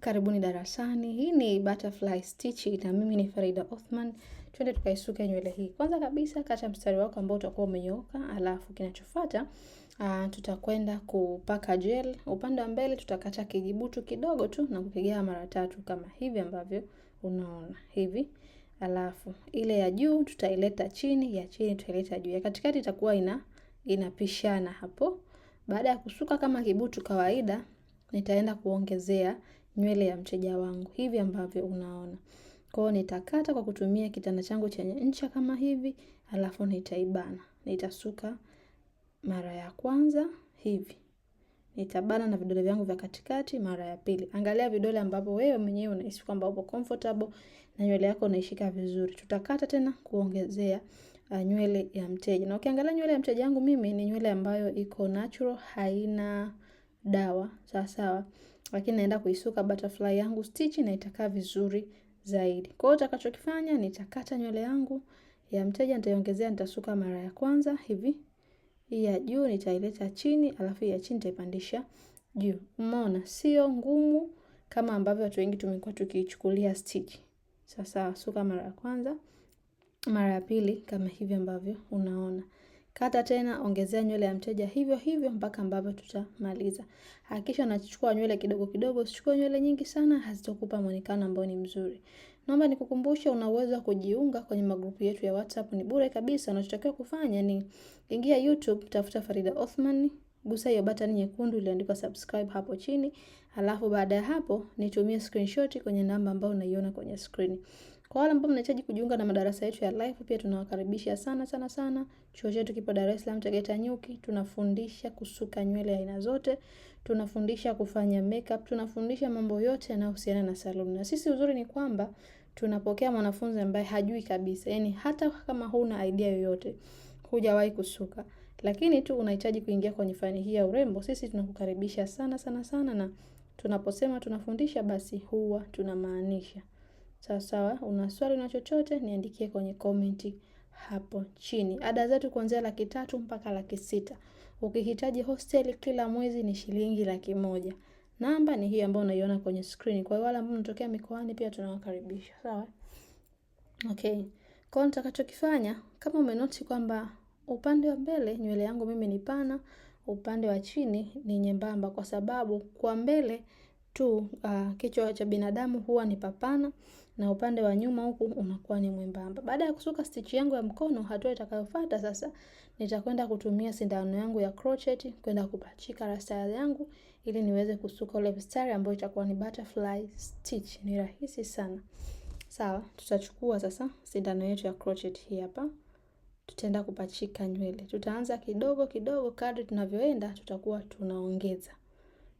Karibuni darasani. Hii ni butterfly stitch na mimi ni Farida Othman. Twende tukaisuke nywele hii. Kwanza kabisa kata mstari wako ambao utakuwa umenyooka, alafu kinachofuata uh, tutakwenda kupaka gel. Upande wa mbele tutakata kijibutu kidogo tu na kupigia mara tatu kama hivi ambavyo unaona hivi. Alafu ile ya juu tutaileta chini, ya chini tutaileta juu. Ya katikati itakuwa ina inapishana hapo. Baada ya kusuka kama kibutu kawaida, nitaenda kuongezea nywele ya mteja wangu hivi ambavyo unaona. Kwa hiyo nitakata kwa kutumia kitana changu chenye ncha kama hivi, alafu nitaibana. Nitasuka mara ya kwanza hivi. Nitabana na vidole vyangu vya katikati mara ya pili. Angalia vidole ambavyo wewe mwenyewe unahisi kwamba upo comfortable na nywele yako unaishika vizuri. Tutakata tena kuongezea uh, nywele ya mteja. Na ukiangalia nywele ya mteja wangu mimi ni nywele ambayo iko natural, haina dawa. Sawa sawa lakini naenda kuisuka butterfly yangu stitch na itakaa vizuri zaidi. Kwa hiyo utakachokifanya nitakata nywele yangu ya mteja, nitaiongezea, nitasuka mara ya kwanza hivi, hii ya juu nitaileta chini, alafu ya chini nitaipandisha juu. Umeona, sio ngumu kama ambavyo watu wengi tumekuwa tukiichukulia stitch. Sasa suka mara ya kwanza, mara ya pili kama hivi ambavyo unaona. Kata tena, ongezea nywele ya mteja hivyo hivyo mpaka ambavyo tutamaliza. Hakikisha unachukua nywele kidogo kidogo, usichukue nywele nyingi sana, hazitokupa muonekano ambao ni mzuri. Naomba nikukumbushe una uwezo wa kujiunga kwenye magrupu yetu ya WhatsApp, ni bure kabisa. Unachotakiwa kufanya ni ingia YouTube, tafuta Farida Othman, gusa hiyo button nyekundu iliyoandikwa subscribe hapo chini, alafu baada ya hapo nitumie screenshot kwenye namba ambayo unaiona kwenye screen. Kwa wale ambao mnahitaji kujiunga na madarasa yetu ya live, pia tunawakaribisha sana sana sana. Chuo chetu kipo Dar es Salaam Tegeta Nyuki. Tunafundisha kusuka nywele aina zote, tunafundisha kufanya makeup, tunafundisha mambo yote yanayohusiana na saluni. Na sisi uzuri ni kwamba tunapokea mwanafunzi ambaye hajui kabisa, yaani hata kama huna idea yoyote, hujawahi kusuka lakini tu unahitaji kuingia kwenye fani hii ya urembo, sisi tunakukaribisha sana sana sana, na tunaposema tunafundisha basi huwa tunamaanisha. Sawa sawa, una swali na chochote niandikie kwenye komenti hapo chini. Ada zetu kuanzia laki tatu mpaka laki sita. Ukihitaji hosteli kila mwezi ni shilingi laki moja. Namba ni hii ambayo unaiona kwenye screen. Kwa hiyo wale ambao mnatokea mikoani pia tunawakaribisha. Sawa? Okay. Kwa hiyo nitakachokifanya kama umenoti kwamba upande wa mbele nywele yangu mimi ni pana, upande wa chini ni nyembamba kwa sababu kwa mbele tu uh, kichwa cha binadamu huwa ni papana na upande wa nyuma huku unakuwa ni mwembamba. Baada ya kusuka stitch yangu ya mkono, hatua itakayofuata sasa nitakwenda kutumia sindano yangu ya crochet kwenda kupachika rasta yangu ili niweze kusuka ile mstari ambayo itakuwa ni butterfly stitch. Ni rahisi sana. Sawa, tutachukua sasa sindano yetu ya crochet hii hapa. Tutaenda kupachika nywele. Tutaanza kidogo kidogo, kadri tunavyoenda tutakuwa tunaongeza.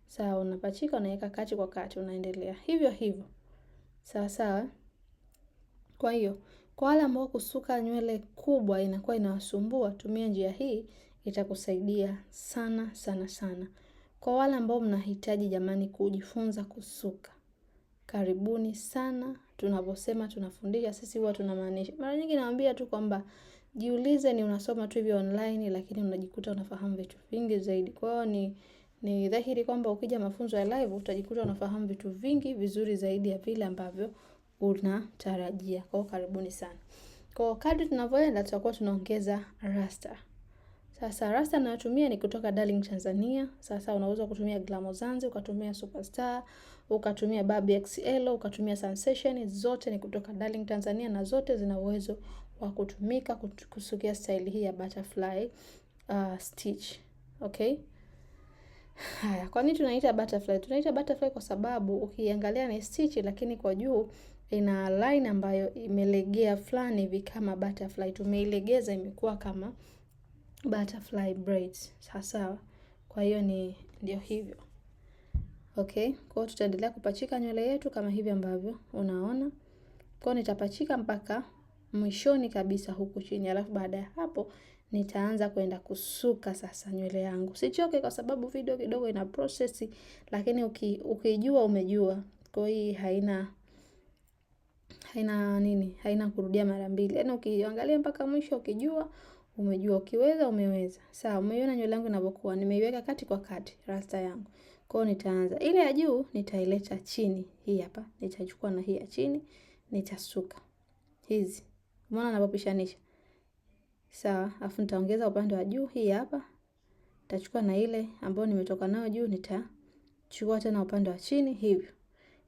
Sawa, unapachika unaweka kati kwa kati, unaendelea hivyo hivyo sawa sawa. Kwa hiyo kwa wale ambao kusuka nywele kubwa inakuwa inawasumbua, tumia njia hii, itakusaidia sana sana sana. Kwa wale ambao mnahitaji jamani kujifunza kusuka, karibuni sana. Tunaposema tunafundisha sisi huwa tunamaanisha. Mara nyingi naambia tu kwamba jiulize, ni unasoma tu hivi online, lakini unajikuta unafahamu vitu vingi zaidi. Kwa hiyo ni ni dhahiri kwamba ukija mafunzo ya live utajikuta unafahamu vitu vingi vizuri zaidi ya vile ambavyo unatarajia. Kwa hiyo karibuni sana. Kwa kadri tunavyoenda tutakuwa tunaongeza rasta. Sasa rasta ninayotumia ni kutoka Darling Tanzania. Sasa unaweza kutumia Glamo Zanzi, ukatumia Superstar, ukatumia Barbie XL, ukatumia Sensation, zote ni kutoka Darling Tanzania na zote zina uwezo wa kutumika kusukia staili hii ya butterfly uh, stitch. Okay? Haya, kwa nini tunaita butterfly? Tunaita butterfly kwa sababu ukiangalia ni stitch, lakini kwa juu ina line ambayo imelegea fulani hivi kama butterfly. Tumeilegeza imekuwa kama butterfly braid. Sasa Kwa hiyo ni ndio hivyo. Okay, kwa hiyo tutaendelea kupachika nywele yetu kama hivi ambavyo unaona. Kwa hiyo nitapachika mpaka mwishoni kabisa huku chini, alafu baada ya hapo nitaanza kwenda kusuka sasa nywele yangu. Sichoke kwa sababu video kidogo ina process, lakini uki, ukijua umejua. Kwa hiyo haina haina nini, haina kurudia mara mbili. Yaani ukiangalia mpaka mwisho, ukijua umejua, ukiweza umeweza. Sawa, umeiona nywele yangu inavyokuwa, nimeiweka kati kwa kati rasta yangu. Kwa hiyo nitaanza ile ya juu, nitaileta chini. Hii hapa nitachukua na hii ya chini nitasuka hizi, umeona ninapopishanisha? Sawa, afu nitaongeza upande wa juu hii hapa. Nitachukua na ile ambayo nimetoka nayo juu nitachukua tena upande wa chini hivyo.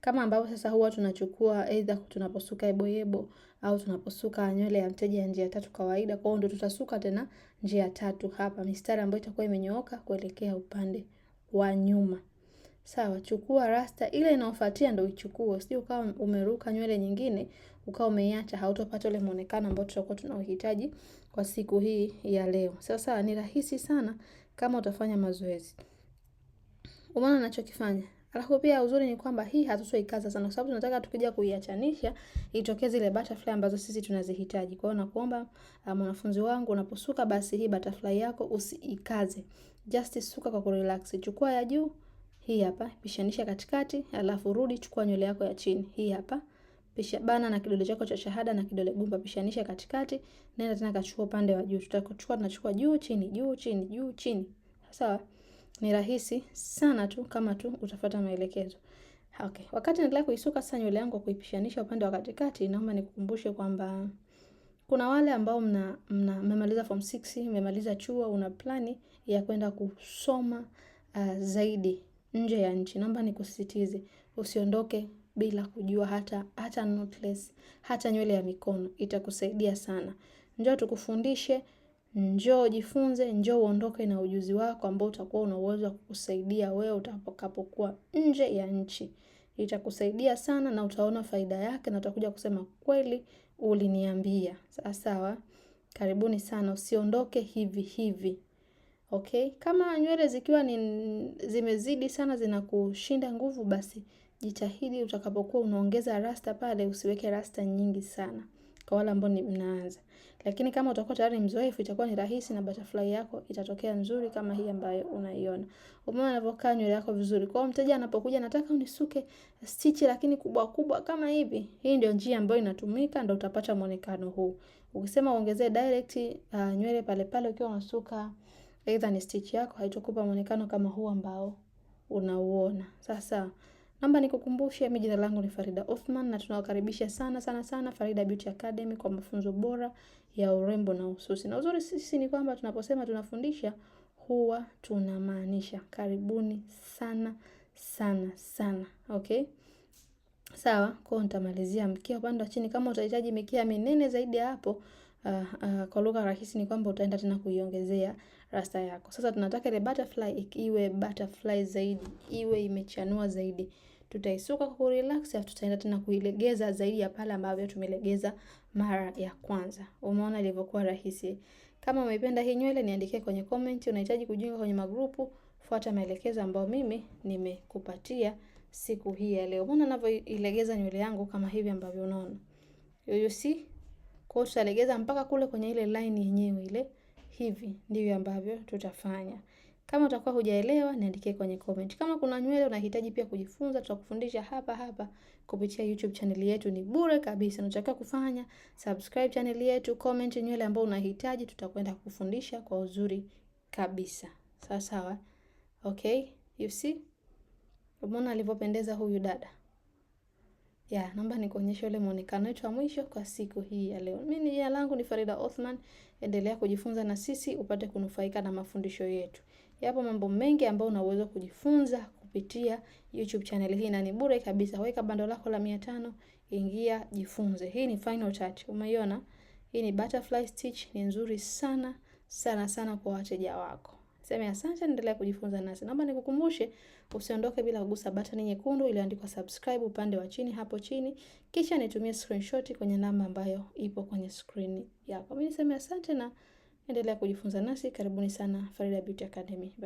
Kama ambavyo sasa huwa tunachukua aidha tunaposuka yeboyebo au tunaposuka nywele ya mteja ya njia tatu kawaida. Kwa hiyo ndio tutasuka tena njia tatu hapa, mistari ambayo itakuwa imenyooka kuelekea upande wa nyuma. Sawa, chukua rasta ile inayofuatia ndio ichukue, sio ukawa umeruka nywele nyingine ukawa umeiacha, hautopata ule muonekano ambao tutakuwa tunauhitaji kwa siku hii ya leo. Sawa sawa, ni rahisi sana kama utafanya mazoezi. Umeona ninachokifanya? Alafu pia uzuri ni kwamba hii hatutoikaza sana kwa sababu tunataka tukija kuiachanisha itokee zile butterfly ambazo sisi tunazihitaji. Kwa hiyo nakuomba ah, mwanafunzi um, wangu unaposuka basi hii butterfly yako usiikaze. Just suka kwa kurelax. Chukua ya juu hii hapa, pishanisha katikati, alafu rudi, chukua nywele yako ya chini. Hii hapa. Pisha bana na kidole chako cha shahada na kidole gumba, pishanisha katikati, nenda tena kachukua upande wa juu. Tutachukua tunachukua juu chini, juu chini, juu chini. Sawa? Ni rahisi sana tu kama tu utafuata maelekezo. Okay. Wakati naendelea kuisuka sasa nywele yangu kuipishanisha upande wa katikati, naomba nikukumbushe kwamba kuna wale ambao mna mmemaliza form 6, mmemaliza chuo, una plani ya kwenda kusoma uh, zaidi nje ya nchi. Naomba nikusisitize, usiondoke bila kujua hata hata notless, hata nywele ya mikono itakusaidia sana. Njoo tukufundishe, njoo jifunze, njoo uondoke na ujuzi wako ambao utakuwa una uwezo wa kukusaidia wewe utakapokuwa nje ya nchi. Itakusaidia sana na utaona faida yake na utakuja kusema kweli uliniambia. Sawa sawa. Karibuni sana, usiondoke hivi hivi. Okay, kama nywele zikiwa ni zimezidi sana zinakushinda nguvu, basi jitahidi utakapokuwa unaongeza rasta pale usiweke rasta nyingi sana kwa wale ambao mnaanza. Lakini kama utakuwa tayari mzoefu itakuwa ni rahisi na butterfly yako itatokea nzuri kama hii ambayo unaiona. Umeona inavyokaa nywele yako vizuri. Kwa mteja anapokuja nataka unisuke stitch lakini kubwa kubwa kama hivi. Hii ndio njia ambayo inatumika ndio utapata muonekano huu. Ukisema uongezee direct uh, nywele pale pale ukiwa unasuka aidha ni stitch yako haitokupa muonekano kama huu ambao unauona. Sasa namba nikukumbushe, mimi jina langu ni Farida Othman na tunawakaribisha sana sana sana Farida Beauty Academy kwa mafunzo bora ya urembo na ususi. Na uzuri sisi ni kwamba tunaposema tunafundisha huwa tunamaanisha. Karibuni sana sana sana. Okay? Sawa, kwa nitamalizia mkia upande wa chini. Kama utahitaji mikia minene zaidi ya hapo, uh, uh, kwa lugha rahisi ni kwamba utaenda tena kuiongezea rasta yako. Sasa tunataka ile butterfly iwe butterfly zaidi, iwe imechanua zaidi. Tutaisuka kwa relax, afu tutaenda tena kuilegeza zaidi ya pale ambavyo tumelegeza mara ya kwanza. Umeona ilivyokuwa rahisi? Kama umeipenda hii nywele, niandikie kwenye comment. Unahitaji kujiunga kwenye magrupu, fuata maelekezo ambayo mimi nimekupatia siku hii ya leo. Umeona ninavyoilegeza nywele yangu kama hivi ambavyo unaona. You see? Kwa tutalegeza mpaka kule kwenye ile line yenyewe ile hivi ndivyo ambavyo tutafanya. Kama utakuwa hujaelewa, niandikie kwenye comment. Kama kuna nywele unahitaji pia kujifunza, tutakufundisha hapa hapa kupitia YouTube channel yetu, ni bure kabisa. Unachotakiwa kufanya subscribe channel yetu, comment nywele ambayo unahitaji, tutakwenda kufundisha kwa uzuri kabisa. Sawa sawa. Okay, you see? Umeona alivyopendeza huyu dada? Ya, naomba nikuonyeshe ule mwonekano wetu wa mwisho kwa siku hii ya leo. Mimi jina langu ni Farida Othman. Endelea kujifunza na sisi upate kunufaika na mafundisho yetu. Yapo mambo mengi ambayo unaweza kujifunza kupitia YouTube channel hii na ni bure kabisa. Weka bando lako la 500, ingia jifunze. Hii ni final touch. Umeiona? Hii ni butterfly stitch, ni nzuri sana sana sana kwa wateja wako. Sema asante, endelea kujifunza nasi. Naomba nikukumbushe usiondoke bila kugusa batani nyekundu iliyoandikwa subscribe upande wa chini hapo chini, kisha nitumie screenshot kwenye namba ambayo ipo kwenye screen yako. Mimi nasema asante na endelea kujifunza nasi. Karibuni sana Farida Beauty Academy. Bye.